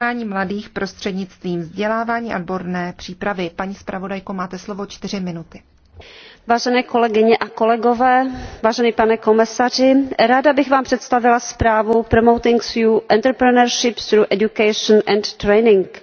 Vzdělávání mladých prostřednictvím vzdělávání a odborné přípravy. Paní zpravodajko, máte slovo čtyři minuty. Vážené kolegyně a kolegové, vážený pane komisaři, ráda bych vám představila zprávu Promoting EU Entrepreneurship through Education and Training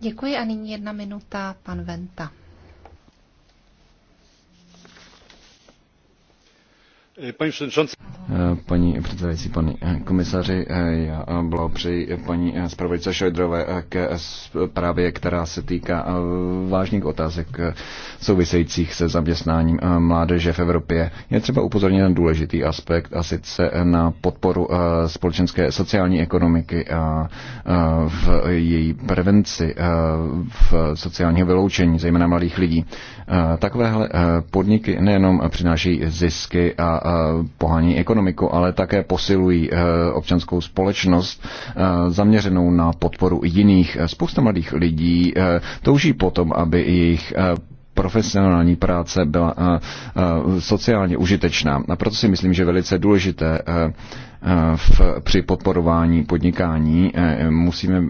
Děkuji a nyní jedna minuta, pan Venta. Paní předsedající, eh, paní eh, komisaři, eh, já blahopřeji paní zpravodajce Šojdrové k právě, která se týká vážných otázek souvisejících se zaměstnáním mládeže v Evropě. Je třeba upozornit na důležitý aspekt a sice na podporu společenské sociální ekonomiky a v její prevenci v sociálního vyloučení, zejména mladých lidí. Takovéhle podniky nejenom přináší zisky a Eh, pohání ekonomiku, ale také posilují eh, občanskou společnost eh, zaměřenou na podporu jiných. Spousta mladých lidí touží potom, aby jejich profesionální práce byla sociálně užitečná. A proto si myslím, že velice důležité v, při podporování podnikání musíme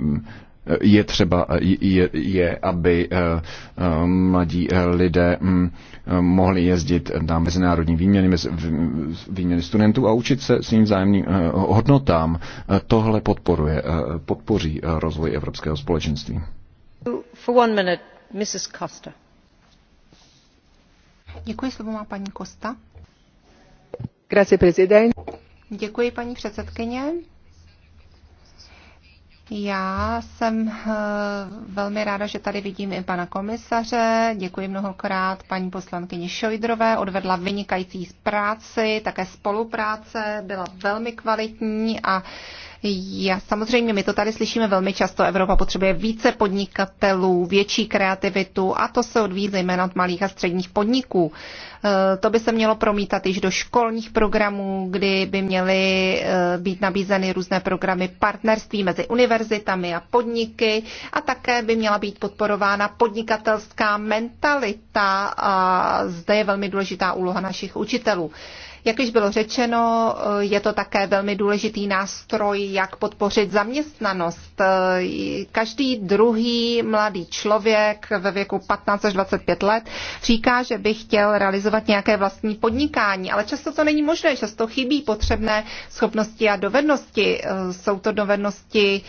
je třeba, je, je aby eh, eh, mladí eh, lidé mm, mohli jezdit na mezinárodní výměny, výměny studentů a učit se svým zájemným hodnotám. Tohle podporuje, podpoří rozvoj evropského společenství. For one minute, Mrs. Costa. Děkuji, slovo má paní Costa. Grazie, Děkuji, paní předsedkyně. Já jsem eh, velmi ráda, že tady vidím i pana komisaře. Děkuji mnohokrát paní poslankyni Šojdrové. Odvedla vynikající práci, také spolupráce byla velmi kvalitní a já, samozřejmě my to tady slyšíme velmi často. Evropa potřebuje více podnikatelů, větší kreativitu a to se odvíjí zejména od malých a středních podniků. Eh, to by se mělo promítat již do školních programů, kdy by měly eh, být nabízeny různé programy partnerství mezi univerzitami a podniky a také by měla být podporována podnikatelská mentalita a zde je velmi důležitá úloha našich učitelů. Jak již bylo řečeno, eh, je to také velmi důležitý nástroj, jak podpořit zaměstnanost. Eh, každý druhý mladý člověk ve věku 15 až 25 let říká, že by chtěl realizovat nějaké vlastní podnikání, ale často to není možné, často chybí potřebné schopnosti a dovednosti. Eh, jsou to dovednosti,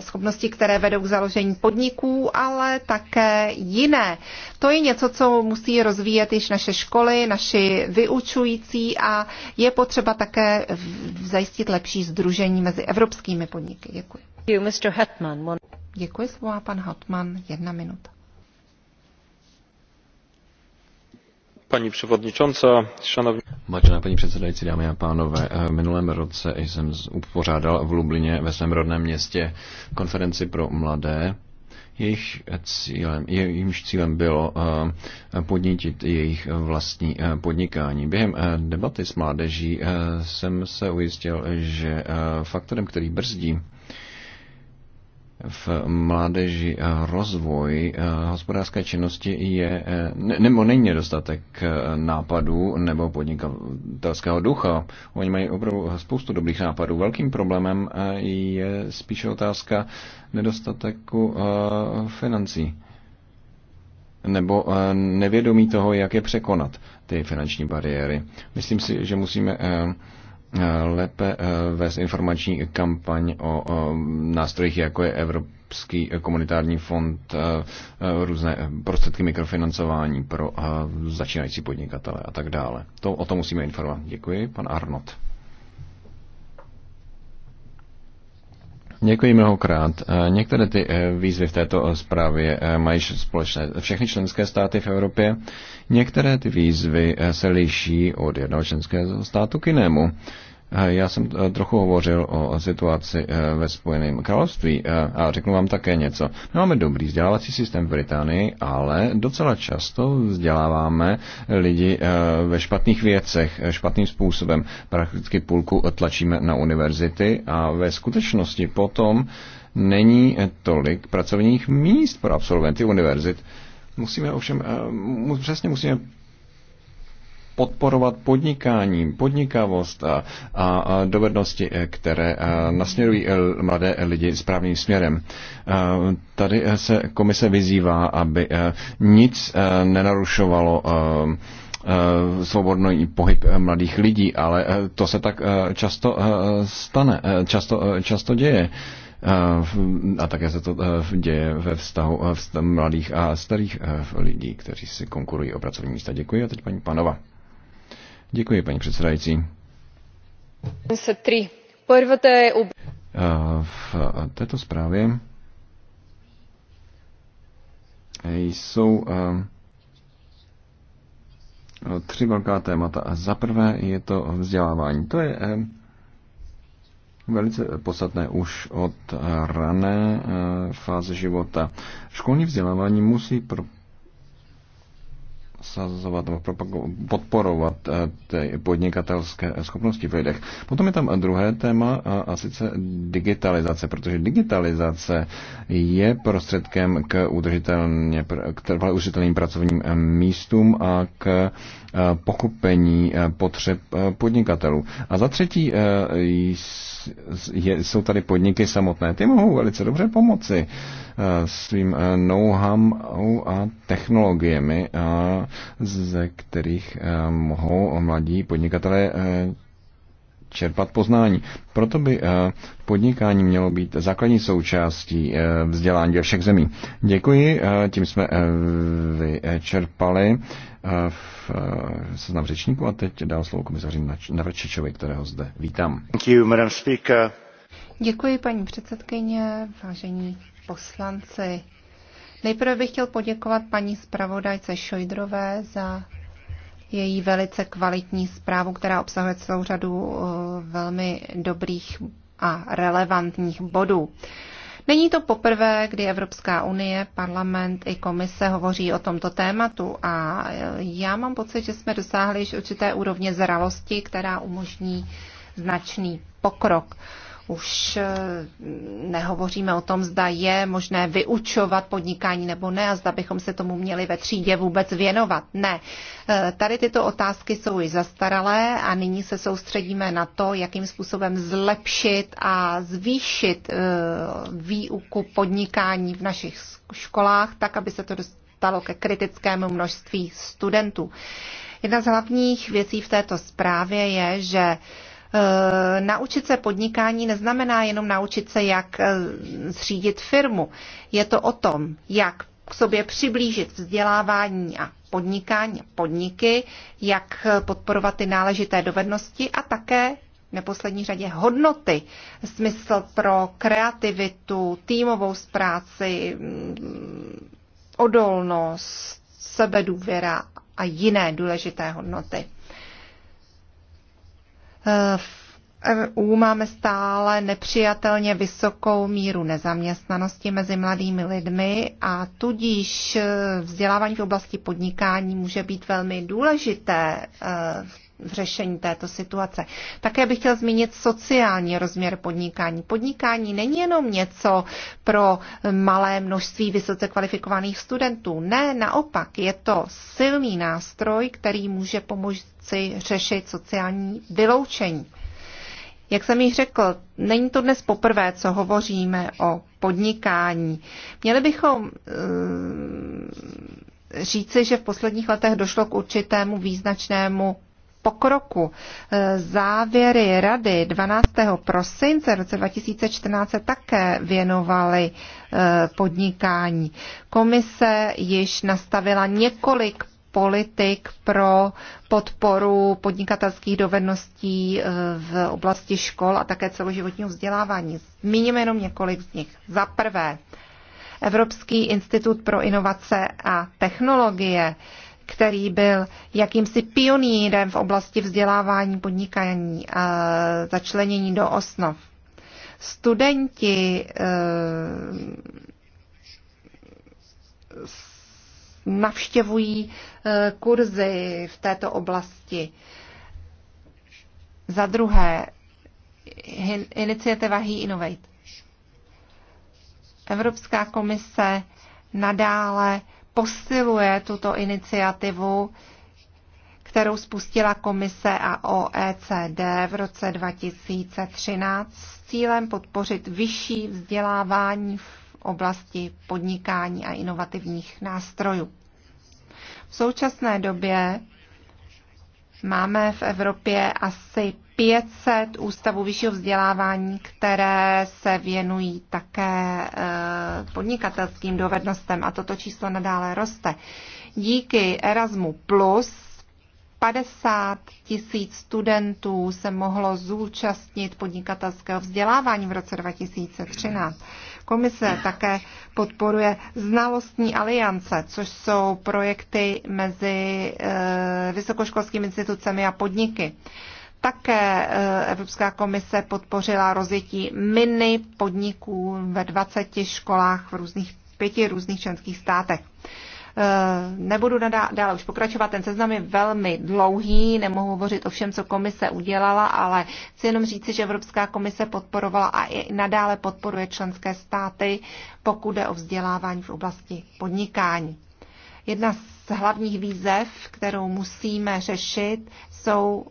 schopnosti, které vedou k založení podniků, ale také jiné. To je něco, co musí rozvíjet již naše školy, naši vyučující, a je potřeba také zajistit lepší združení mezi evropskými podniky. Děkuji. Děkuji, slova pan Hotman. jedna minuta. Pani předsedající, šanovní... Vážená paní předsedající, dámy a pánové, eh, v minulém roce jsem upořádal v Lublině ve svém rodném městě konferenci pro mladé jejich cílem, jejímž cílem bylo eh, podnítit jejich vlastní eh, podnikání. Během eh, debaty s mládeží jsem se ujistil, že faktorem, který brzdí v mládeži eh, rozvoj eh, hospodářské činnosti je, eh, nebo není nedostatek nápadů nebo podnikatelského ducha. Oni mají opravdu spoustu dobrých nápadů. Velkým problémem je spíše otázka nedostateku financí nebo nevědomí toho, jak je překonat ty finanční bariéry. Myslím si, že musíme lépe eh, vést informační kampaň o nástrojích, jako je Evropský komunitární fond, eh, eh, různé prostředky mikrofinancování pro začínající podnikatele a tak dále. To, o tom musíme informovat. Děkuji, pan Arnott. Děkuji mnohokrát. E, některé ty e, výzvy v této e, zprávě mají společné všechny členské státy v Evropě. Některé ty výzvy se liší od jednoho členského státu k jinému. Eh, já jsem eh, trochu hovořil o situaci eh, ve Spojeném království a řeknu vám také něco. My máme dobrý vzdělávací systém v Británii, ale docela často vzděláváme lidi ve špatných věcech, špatným způsobem. Prakticky půlku tlačíme na univerzity a ve skutečnosti potom není tolik pracovních míst pro absolventy univerzit. Musíme ovšem, přesně musíme podporovat podnikání, podnikavost a, a dovednosti, eh, které eh, nasměrují eh, mladé lidi správným směrem. Tady se komise vyzývá, aby nic nenarušovalo svobodný pohyb mladých lidí, ale to se tak často stane, často, často děje. A také se to děje ve vztahu mladých a starých lidí, kteří si konkurují o pracovní místa. Děkuji a teď paní Panova. Děkuji, paní předsedající. V této zprávě jsou eh, tři velká témata. Za prvé je to vzdělávání. To je eh, velice podstatné už od rané eh, fáze života. Školní vzdělávání musí pro prosazovat nebo podporovat eh, ty podnikatelské schopnosti v lidech. Potom je tam druhé téma a sice digitalizace, protože digitalizace je prostředkem k, udržitelně, k trvalé udržitelným pracovním eh, místům a k eh, pochopení potřeb podnikatelů. A za třetí je, jsou tady podniky samotné. Ty mohou velice dobře pomoci eh, svým eh, know-how a technologiemi, eh, ze kterých mohou mladí podnikatelé čerpat poznání. Proto by eh, podnikání mělo být základní součástí eh, vzdělání ve všech zemí. Děkuji, eh, tím jsme vyčerpali v seznam řečníku a teď dám slovo komisaři Navrčičovi, kterého zde vítám. Thank you, Děkuji, paní předsedkyně, vážení poslanci. Nejprve bych chtěl poděkovat paní zpravodajce Šojdrové za její velice kvalitní zprávu, která obsahuje celou řadu uh, velmi dobrých a relevantních bodů. Není to poprvé, kdy Evropská unie, parlament i komise hovoří o tomto tématu a já mám pocit, že jsme dosáhli již určité úrovně zralosti, která umožní značný pokrok už eh, nehovoříme o tom, zda je možné vyučovat podnikání nebo ne a zda bychom se tomu měli ve třídě vůbec věnovat. Ne. Eh, tady tyto otázky jsou již zastaralé a nyní se soustředíme na to, jakým způsobem zlepšit a zvýšit eh, výuku podnikání v našich školách, tak, aby se to dostalo ke kritickému množství studentů. Jedna z hlavních věcí v této zprávě je, že Eh, naučit se podnikání neznamená jenom naučit se, jak eh, zřídit firmu. Je to o tom, jak k sobě přiblížit vzdělávání a podnikání, podniky, jak eh, podporovat ty náležité dovednosti a také v neposlední řadě hodnoty, smysl pro kreativitu, týmovou zpráci, mm, odolnost, sebedůvěra a jiné důležité hodnoty. V EU máme stále nepřijatelně vysokou míru nezaměstnanosti mezi mladými lidmi a tudíž eh, vzdělávání v oblasti podnikání může být velmi důležité eh, v v řešení této situace. Také bych chtěl zmínit sociální rozměr podnikání. Podnikání není jenom něco pro malé množství vysoce kvalifikovaných studentů. Ne, naopak, je to silný nástroj, který může pomoci řešit sociální vyloučení. Jak jsem již řekl, není to dnes poprvé, co hovoříme o podnikání. Měli bychom eh, říci, že v posledních letech došlo k určitému význačnému pokroku. E, závěry rady 12. prosince roce 2014 se také věnovaly e, podnikání. Komise již nastavila několik politik pro podporu podnikatelských dovedností e, v oblasti škol a také celoživotního vzdělávání. Zmíníme jenom několik z nich. Za prvé, Evropský institut pro inovace a technologie který byl jakýmsi pionýrem v oblasti vzdělávání podnikání a začlenění do osnov. Studenti eh, navštěvují eh, kurzy v této oblasti. Za druhé, iniciativa He Innovate. Evropská komise nadále posiluje tuto iniciativu, kterou spustila Komise a OECD v roce 2013 s cílem podpořit vyšší vzdělávání v oblasti podnikání a inovativních nástrojů. V současné době máme v Evropě asi 500 ústavů vyššího vzdělávání, které se věnují také eh, podnikatelským dovednostem a toto číslo nadále roste. Díky Erasmu Plus 50 tisíc studentů se mohlo zúčastnit podnikatelského vzdělávání v roce 2013. Komise také podporuje znalostní aliance, což jsou projekty mezi eh, vysokoškolskými institucemi a podniky. Také eh, Evropská komise podpořila rozjetí mini podniků ve 20 školách v různých pěti různých členských státech. Eh, nebudu dále už pokračovat, ten seznam je velmi dlouhý, nemohu hovořit o všem, co komise udělala, ale chci jenom říci, že Evropská komise podporovala a i nadále podporuje členské státy, pokud jde o vzdělávání v oblasti podnikání. Jedna z hlavních výzev, kterou musíme řešit, jsou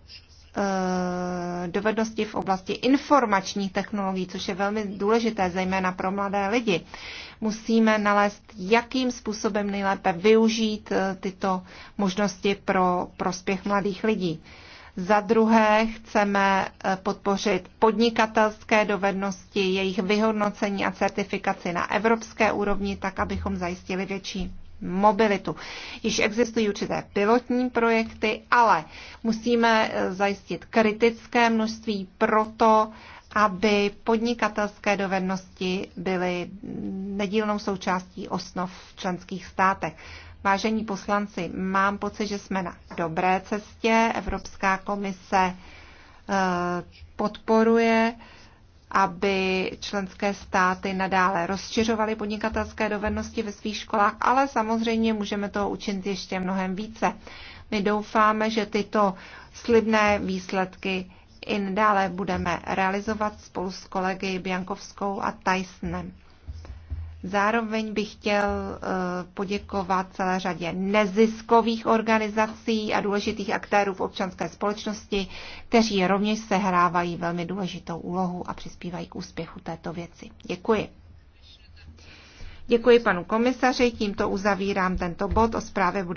Eh, dovednosti v oblasti informačních technologií, což je velmi důležité, zejména pro mladé lidi. Musíme nalézt, jakým způsobem nejlépe využít eh, tyto možnosti pro prospěch mladých lidí. Za druhé chceme eh, podpořit podnikatelské dovednosti, jejich vyhodnocení a certifikaci na evropské úrovni, tak abychom zajistili větší mobilitu. Již existují určité pilotní projekty, ale musíme eh, zajistit kritické množství proto, aby podnikatelské dovednosti byly nedílnou součástí osnov v členských státech. Vážení poslanci, mám pocit, že jsme na dobré cestě. Evropská komise eh, podporuje aby členské státy nadále rozšiřovaly podnikatelské dovednosti ve svých školách, ale samozřejmě můžeme toho učinit ještě mnohem více. My doufáme, že tyto slibné výsledky i nadále budeme realizovat spolu s kolegy Biankovskou a Tysonem. Zároveň bych chtěl eh, poděkovat celé řadě neziskových organizací a důležitých aktérů v občanské společnosti, kteří rovněž sehrávají velmi důležitou úlohu a přispívají k úspěchu této věci. Děkuji. Děkuji panu komisaři, tímto uzavírám tento bod o zprávě budeme